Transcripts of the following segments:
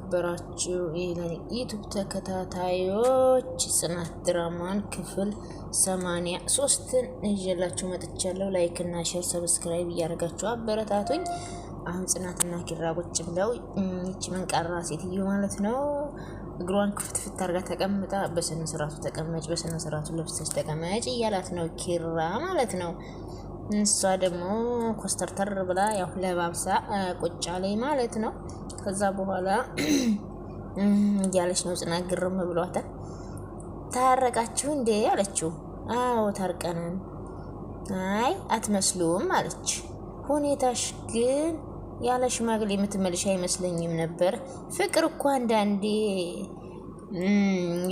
የተከበራችሁ የዩቱብ ተከታታዮች ጽናት ድራማን ክፍል ሰማንያ ሶስትን ይዤላችሁ መጥቻለሁ። ላይክ እና ሼር ሰብስክራይብ እያደረጋችሁ አበረታቱኝ። አሁን ጽናትና ኪራ ቁጭ ብለው ይቺ መንቀራ ሴትዮ ማለት ነው እግሯን ክፍትፍት አርጋ ተቀምጣ በስነ ስርዓቱ ተቀመጭ፣ በስነ ስርዓቱ ለብሰች ተቀመጭ እያላት ነው ኪራ ማለት ነው። እሷ ደግሞ ኮስተርተር ብላ ያው ለባብሳ ቁጫ ላይ ማለት ነው። ከዛ በኋላ እያለች ነው ጽናት ግርም ብሏታል። ታረቃችሁ እንዴ አለችው። አዎ ታርቀናል። አይ አትመስሉም አለች። ሁኔታሽ ግን ያለ ሽማግሌ የምትመልሽ አይመስለኝም ነበር። ፍቅር እኮ አንዳንዴ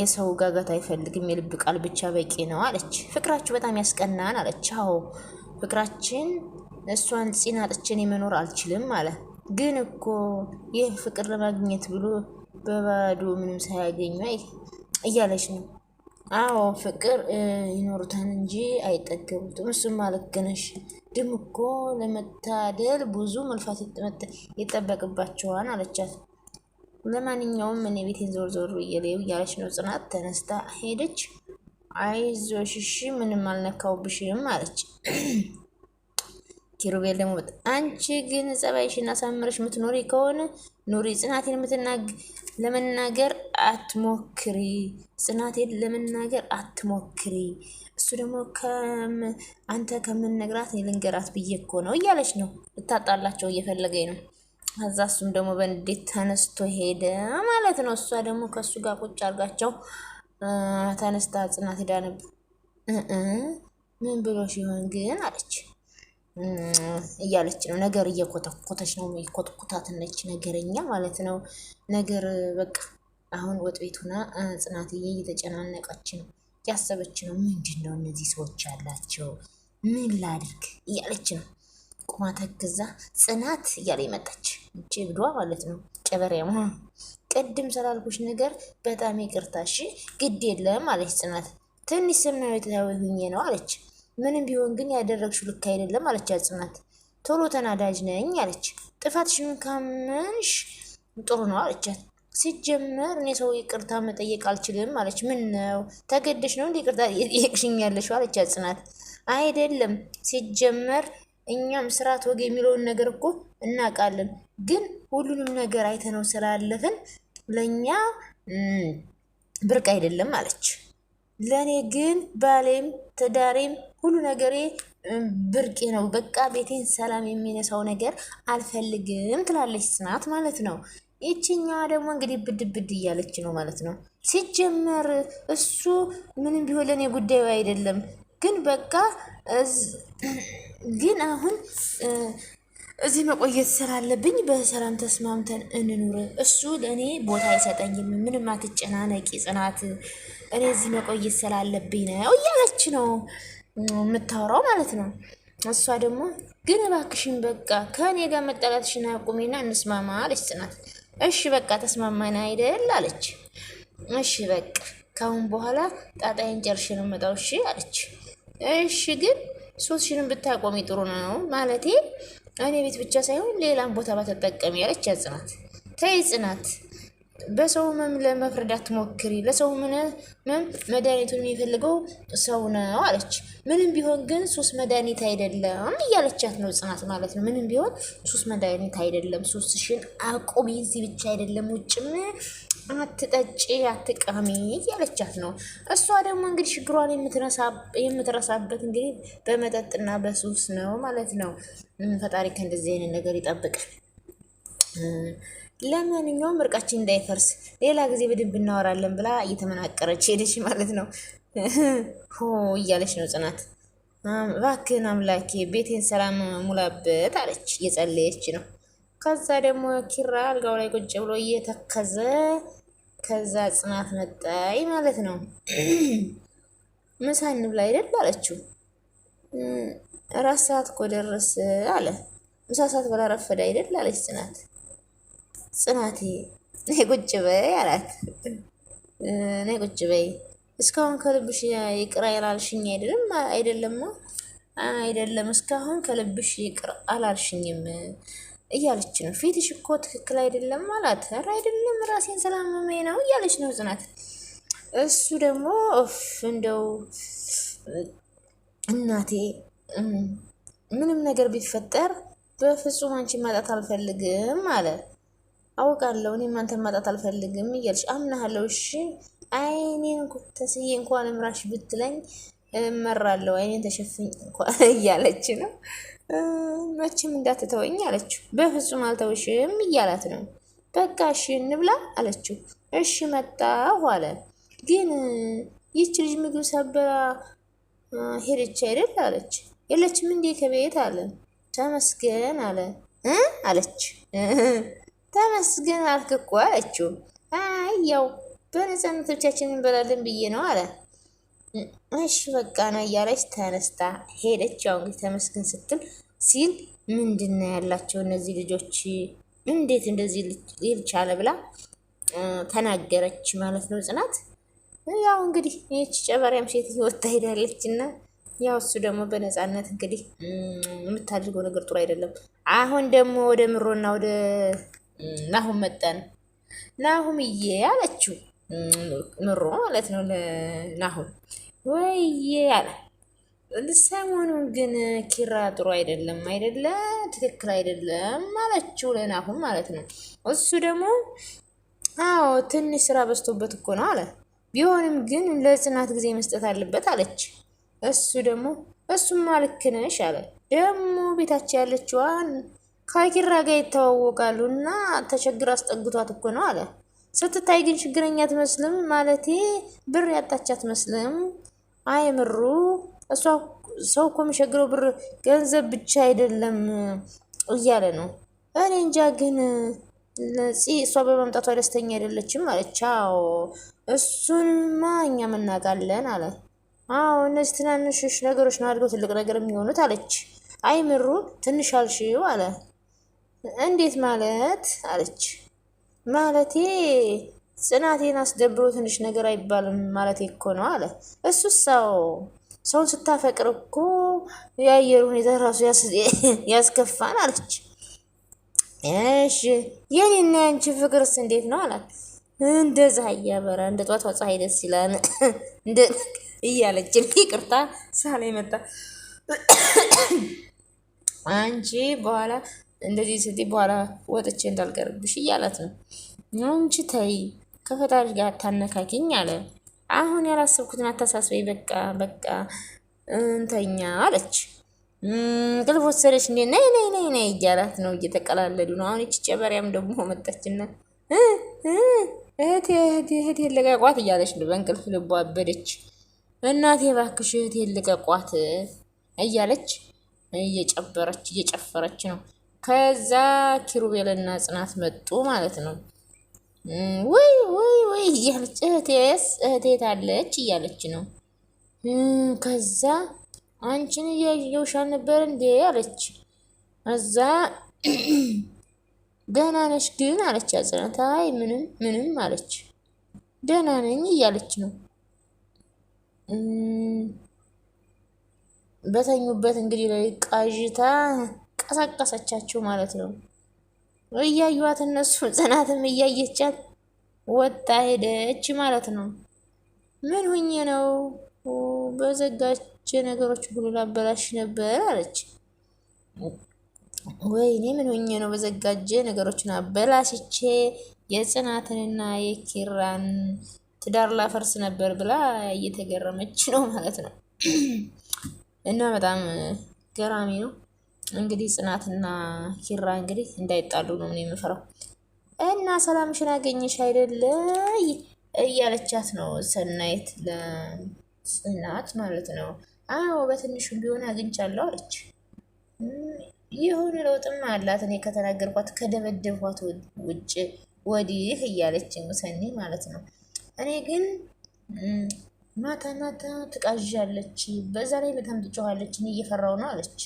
የሰው ጋጋት አይፈልግም፣ የልብ ቃል ብቻ በቂ ነው አለች። ፍቅራችሁ በጣም ያስቀናን አለች። አዎ ፍቅራችን እሷን ፂና ጥቼ መኖር አልችልም አለ። ግን እኮ ይህ ፍቅር ለማግኘት ብሎ በባዶ ምንም ሳያገኙ እያለች ነው። አዎ ፍቅር ይኖሩታል እንጂ አይጠገቡትም። እሱም ልክ ድም እኮ ለመታደል ብዙ መልፋት ይጠበቅባቸዋል አለቻት። ለማንኛውም እኔ ቤቴን ዞር ዞር እየለዩ እያለች ነው ጽናት ተነስታ ሄደች። አይዞሽ እሺ ምንም አልነካውብሽም አለች። ኪሩቤል ደግሞ አንቺ ግን ጸባይሽን አሳምረሽ የምትኖሪ ከሆነ ኑሪ፣ ጽናቴን ለመናገር አትሞክሪ፣ ጽናቴን ለመናገር አትሞክሪ። እሱ ደግሞ አንተ ከምነግራት ልንገራት ብዬ እኮ ነው እያለች ነው። ልታጣላቸው እየፈለገኝ ነው። ከዛ እሱም ደግሞ በእንዴት ተነስቶ ሄደ ማለት ነው። እሷ ደግሞ ከእሱ ጋር ቁጭ አድርጋቸው ተነስታ ጽናት ሄዳ ነበር። ምን ብሎ ሲሆን ግን አለች እያለች ነው ነገር እየኮተኮተች ነው ኮትኩታትነች ነገረኛ ማለት ነው። ነገር በቃ አሁን ወጥ ቤት ሆና ጽናትዬ እየተጨናነቀች ነው ያሰበች ነው። ምንድን ነው እነዚህ ሰዎች ያላቸው ምን ላድርግ እያለች ነው። ቁማ ተክዛ ጽናት እያለ ይመጣች እቺ ማለት ነው ጨበሬ ቅድም ስላልኩሽ ነገር በጣም ይቅርታ። ይቅርታሽ። ግድ የለም አለች ጽናት። ትንሽ ስሜታዊ ሁኜ ነው አለች። ምንም ቢሆን ግን ያደረግሽው ልክ አይደለም አለች ጽናት። ቶሎ ተናዳጅ ነኝ አለች። ጥፋትሽን ካመንሽ ጥሩ ነው አለቻት። ሲጀመር እኔ ሰው ይቅርታ መጠየቅ አልችልም አለች። ምን ነው ተገደሽ ነው እንዲ ይቅርታ ጠየቅሽኝ ያለሽው አለች ጽናት። አይደለም ሲጀመር እኛም ስርዓት ወግ የሚለውን ነገር እኮ እናውቃለን ግን ሁሉንም ነገር አይተነው ስላለፍን ለእኛ ብርቅ አይደለም አለች። ለእኔ ግን ባሌም ትዳሬም ሁሉ ነገሬ ብርቄ ነው። በቃ ቤቴን ሰላም የሚነሳው ነገር አልፈልግም ትላለች ጽናት ማለት ነው። ይችኛዋ ደግሞ እንግዲህ ብድብድ እያለች ነው ማለት ነው። ሲጀመር እሱ ምንም ቢሆን ለእኔ ጉዳዩ አይደለም። ግን በቃ ግን አሁን እዚህ መቆየት ስራ አለብኝ። በሰላም ተስማምተን እንኑር። እሱ ለእኔ ቦታ አይሰጠኝም። ምንም አትጨናነቂ ጽናት፣ እኔ እዚህ መቆየት ስራ አለብኝ ነው እያለች ነው የምታወራው ማለት ነው። እሷ ደግሞ ግን እባክሽን በቃ ከእኔ ጋር መጠላትሽን አቁሜና እንስማማ አለች ጽናት። እሺ በቃ ተስማማን አይደል አለች። እሺ በቃ ከአሁን በኋላ ጣጣዬን ጨርሼ ነው የምመጣው እሺ አለች። እሺ ግን ሶስሽንም ብታቆሚ ጥሩ ነው ማለቴ እኔ ቤት ብቻ ሳይሆን ሌላም ቦታ ባትጠቀሚ ያለች ያጽናት ተይ ጽናት፣ በሰው ህመም ለመፍረድ አትሞክሪ። ለሰው ህመም መድኃኒቱን የሚፈልገው ሰው ነው አለች። ምንም ቢሆን ግን ሱስ መድኃኒት አይደለም እያለቻት ነው ጽናት ማለት ነው። ምንም ቢሆን ሱስ መድኃኒት አይደለም። ሱስሽን አቁሚ። እዚህ ብቻ አይደለም ውጭም አትጠጪ አትቃሚ እያለቻት ነው። እሷ ደግሞ እንግዲህ ችግሯን የምትረሳበት እንግዲህ በመጠጥና በሱስ ነው ማለት ነው። ፈጣሪ ከእንደዚህ አይነት ነገር ይጠብቅ። ለማንኛውም እርቃችን እንዳይፈርስ ሌላ ጊዜ በደንብ እናወራለን ብላ እየተመናቀረች ሄደች ማለት ነው። ሆ እያለች ነው ጽናት። እባክህን አምላኬ ቤቴን ሰላም ሙላበት አለች። እየጸለየች ነው ከዛ ደግሞ ኪራ አልጋው ላይ ቁጭ ብሎ እየተከዘ ከዛ ጽናት መጣይ ማለት ነው። ምሳ እንብላ አይደል አለችው። እራት ሰዓት እኮ ደረስ አለ። ምሳ ሰዓት ባላረፈደ አይደል አለች ጽናት። ጽናቴ ነይ ቁጭ በይ አላት። ነይ ቁጭ በይ እስካሁን ከልብሽ ይቅር ያላልሽኝ አይደለም አይደለም አይደለም፣ እስካሁን ከልብሽ ይቅር አላልሽኝም እያለች ነው። ፊትሽ እኮ ትክክል አይደለም ማለት ኧረ አይደለም ራሴን ስላመመኝ ነው እያለች ነው ጽናት። እሱ ደግሞ እንደው እናቴ ምንም ነገር ቢፈጠር በፍጹም አንቺ ማጣት አልፈልግም አለ። አውቃለሁ እኔም አንተን ማጣት አልፈልግም እያለች አምናሃለሁ። እሺ አይኔን ተስዬ እንኳን እምራሽ ብትለኝ እመራለሁ አይኔን ተሸፍኝ እንኳን እያለች ነው መቼም እንዳትተወኝ አለችው። በፍጹም አልተውሽም እያላት ነው። በቃ እሺ እንብላ አለችው። እሺ መጣሁ አለ። ግን ይች ልጅ ምግብ ሰበራ ሄደች አይደል አለች። የለችም እንዴ ከቤት አለ። ተመስገን አለ አለች። ተመስገን አልክ እኮ አለችው። አይ ያው በነፃነቶቻችን እንበላለን ብዬ ነው አለ። እሺ በቃ ነው እያለች ተነስታ ሄደች። ያው እንግዲህ ተመስገን ስትል ሲል ምንድን ነው ያላቸው እነዚህ ልጆች እንዴት እንደዚህ ሊል ቻለ ብላ ተናገረች ማለት ነው ጽናት። ያው እንግዲህ ይህች ጨበሪያም ሴት ወታ ሄዳለች እና ያው እሱ ደግሞ በነፃነት እንግዲህ የምታደርገው ነገር ጥሩ አይደለም። አሁን ደግሞ ወደ ምሮና ወደ ናሁም መጠን ናሁም እዬ ምሮ ማለት ነው ለናሁም ወይዬ አለ። ሰሞኑን ግን ኪራ ጥሩ አይደለም አይደለ? ትክክል አይደለም አለችው ለናሁን ማለት ነው። እሱ ደግሞ አዎ ትንሽ ስራ በዝቶበት እኮ ነው አለ። ቢሆንም ግን ለጽናት ጊዜ መስጠት አለበት አለች። እሱ ደግሞ እሱማ ልክ ነሽ አለ። ደግሞ ቤታች ያለችዋን ከኪራ ጋር ይተዋወቃሉ እና ተቸግር አስጠግቷት እኮ ነው አለ። ስትታይ ግን ችግረኛ አትመስልም፣ ማለቴ ብር ያጣች አትመስልም አይምሩ እሷ ሰው እኮ የሚቸግረው ብር ገንዘብ ብቻ አይደለም እያለ ነው። እኔ እንጃ ግን እሷ በመምጣቷ ደስተኛ አይደለችም አለች። አዎ እሱንማ እኛ ምናውቃለን አለ። አዎ እነዚህ ትናንሽ ነገሮች ነው አድገው ትልቅ ነገር የሚሆኑት አለች። አይምሩ ትንሽ አልሽው አለ። እንዴት ማለት አለች ማለቴ ጽናቴን አስደብሮ ትንሽ ነገር አይባልም ማለት እኮ ነው አለ። እሱ ሰው ሰውን ስታፈቅር እኮ የአየር ሁኔታ ራሱ ያስከፋን አለች። እሺ የኔና ያንቺ ፍቅርስ እንዴት ነው አላት። እንደ ፀሐይ ያበራ እንደ ጧቷ ፀሐይ ደስ ይላል እንደ እያለችን ይቅርታ ሳላ መጣ። አንቺ በኋላ እንደዚህ ስትይ በኋላ ወጥቼ እንዳልቀርብሽ እያላት ነው። አንቺ ተይ ከፈጣሪ ጋር አታነካኪኝ አለ። አሁን ያላሰብኩትን አታሳስበኝ፣ በቃ በቃ እንተኛ አለች። እንቅልፍ ወሰደች። እንዴ ነይ ነይ ነይ ነይ እያላት ነው፣ እየተቀላለዱ ነው። አሁን ይቺ ጨበሪያም ደግሞ መጣችና እህቴ እህቴ እህቴ ልቀቋት እያለች ነው። በእንቅልፍ ልቦ አበደች። እናቴ እባክሽ እህቴ ልቀቋት እያለች እየጨበረች እየጨፈረች ነው። ከዛ ኪሩቤልና ጽናት መጡ ማለት ነው። ወይ ወይ ወይ እያለች እህቴስ እህቴ ታለች እያለች ነው። ከዛ አንቺን እያየሁሽ ነበር እንዴ አለች። እዛ ደህና ነሽ ግን አለች አጽናት። አይ ምንም ምንም አለች። ደህና ነኝ እያለች ነው። በተኙበት እንግዲህ ላይ ቃዥታ ቀሳቀሰቻቸው ማለት ነው። እያዩዋት እነሱ ጽናትም እያየቻት ወጣ ሄደች ማለት ነው። ምን ሁኜ ነው በዘጋች ነገሮች ሁሉ ላበላሽ ነበር አለች። ወይኔ ምን ሁኜ ነው በዘጋጀ ነገሮችን አበላሽቼ የጽናትንና የኪራን ትዳር ላፈርስ ነበር ብላ እየተገረመች ነው ማለት ነው። እና በጣም ገራሚ ነው። እንግዲህ ጽናትና ኪራ እንግዲህ እንዳይጣሉ ነው ምን የምፈራው። እና ሰላምሽን አገኘሽ አይደለ እያለቻት ነው ሰናይት ለጽናት ማለት ነው። አዎ በትንሹም ቢሆን አግኝቻለሁ አለች። የሆነ ለውጥም አላት እኔ ከተናገርኳት ከደበደብኳት ውጭ ወዲህ እያለች ሰኒ ማለት ነው። እኔ ግን ማታ ማታ ትቃዣለች፣ በዛ ላይ በጣም ትጮኋለች፣ እኔ እየፈራው ነው አለች።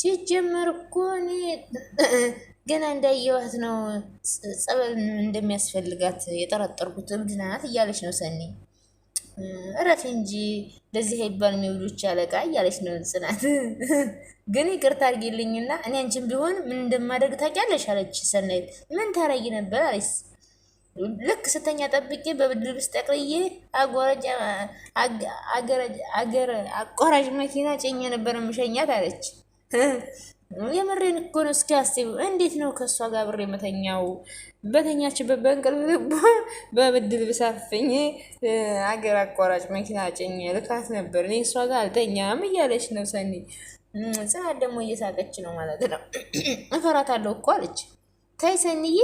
ሲጀመር እኮ እኔ ገና እንዳየዋት ነው ጸበል እንደሚያስፈልጋት የጠረጠርኩት። እብድ እያለች ነው ሰኒ። እረፍ እንጂ ለዚህ አይባል የሚብሎች አለቃ እያለች ነው ጽናት። ግን ይቅርታ አድርጌልኝና እኔ አንቺን ቢሆን ምን እንደማደርግ ታውቂያለሽ አለች ሰናይት። ምን ታረጊ ነበር አለች። ልክ ስተኛ ጠብቄ በብድር ውስጥ ጠቅልዬ አቋራጭ መኪና ጭኜ ነበር ምሸኛት አለች። የምሬን እኮ ነው። እስኪ አስብ፣ እንዴት ነው ከእሷ ጋር ብሬ መተኛው? በተኛችበት በእንቅልፍ ልቧ በብድል ብሳፍኝ አገር አቋራጭ መኪና ጭኝ ልካት ነበር። እኔ እሷ ጋር አልተኛም እያለች ነው ሰኒ። ጽናት ደግሞ እየሳቀች ነው ማለት ነው። እፈራታለሁ እኮ አለች። ታይ ሰኒዬ፣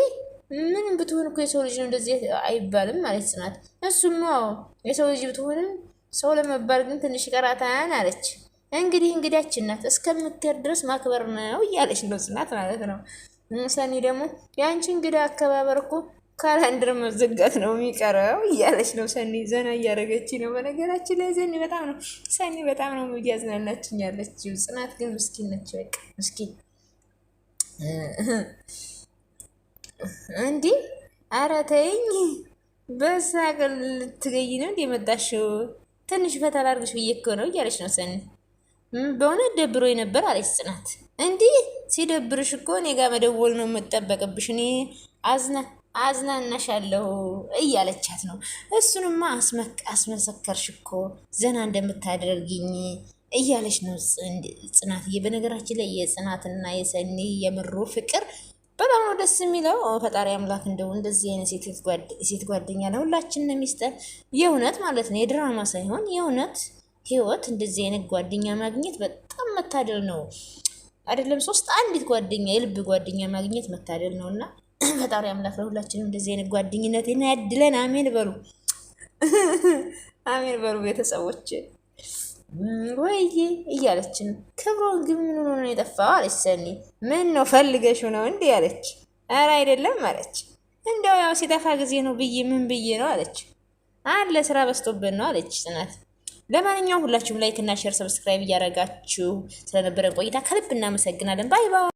ምንም ብትሆን እኮ የሰው ልጅ ነው እንደዚህ አይባልም ማለት ጽናት። እሱም የሰው ልጅ ብትሆንም ሰው ለመባል ግን ትንሽ ቀራታያን አለች። እንግዲህ እንግዳችን ናት እስከምትሄድ ድረስ ማክበር ነው እያለች ነው ጽናት ማለት ነው። ሰኒ ደግሞ የአንቺ እንግዳ አከባበር እኮ ካላንድር መዘጋት ነው የሚቀረው እያለች ነው። ሰኒ ዘና እያደረገች ነው። በነገራችን ላይ ዘኒ በጣም ነው ሰኒ በጣም ነው እያዝናናችኝ ያለች። ጽናት ግን ምስኪን ነች። በቃ ምስኪን እንዲህ ኧረ ተይኝ በሳቅል ልትገኝ ነው እንደ መጣሽው ትንሽ ፈታ ላድርግሽ ብዬ እኮ ነው እያለች ነው ሰኒ በእውነት ደብሮ ነበር አለች ጽናት። እንዲህ ሲደብርሽ እኮ እኔ ጋር መደወል ነው የምጠበቅብሽ። እኔ አዝና አዝናናሻለሁ እያለቻት ነው። እሱንማ አስመሰከርሽ እኮ ዘና እንደምታደርግኝ እያለች ነው ጽናትዬ። በነገራችን ላይ የጽናትና የሰኒ የምሩ ፍቅር በጣም ነው ደስ የሚለው። ፈጣሪ አምላክ እንደው እንደዚህ አይነት ሴት ጓደኛ ለሁላችን ነው የሚስጠን። የእውነት ማለት ነው የድራማ ሳይሆን የእውነት ህይወት እንደዚህ አይነት ጓደኛ ማግኘት በጣም መታደል ነው። አይደለም ሶስት አንዲት ጓደኛ የልብ ጓደኛ ማግኘት መታደል ነው እና ፈጣሪ አምላክ ለሁላችንም እንደዚህ አይነት ጓደኝነት ያድለን። አሜን በሉ፣ አሜን በሉ ቤተሰቦች። ወይዬ እያለች ነው። ክብሮም ግን ምን ሆኖ ነው የጠፋው አለች ሰኒ። ምን ነው ፈልገሽ ነው እንዲህ አለች። ኧረ አይደለም አለች። እንደው ያው ሲጠፋ ጊዜ ነው ብዬ ምን ብዬ ነው አለች። አለ ስራ በስቶብን ነው አለች ጽናት ለማንኛውም ሁላችሁም ላይክ እና ሼር ሰብስክራይብ እያደረጋችሁ ስለነበረን ቆይታ ከልብ እናመሰግናለን። ባይ ባይ።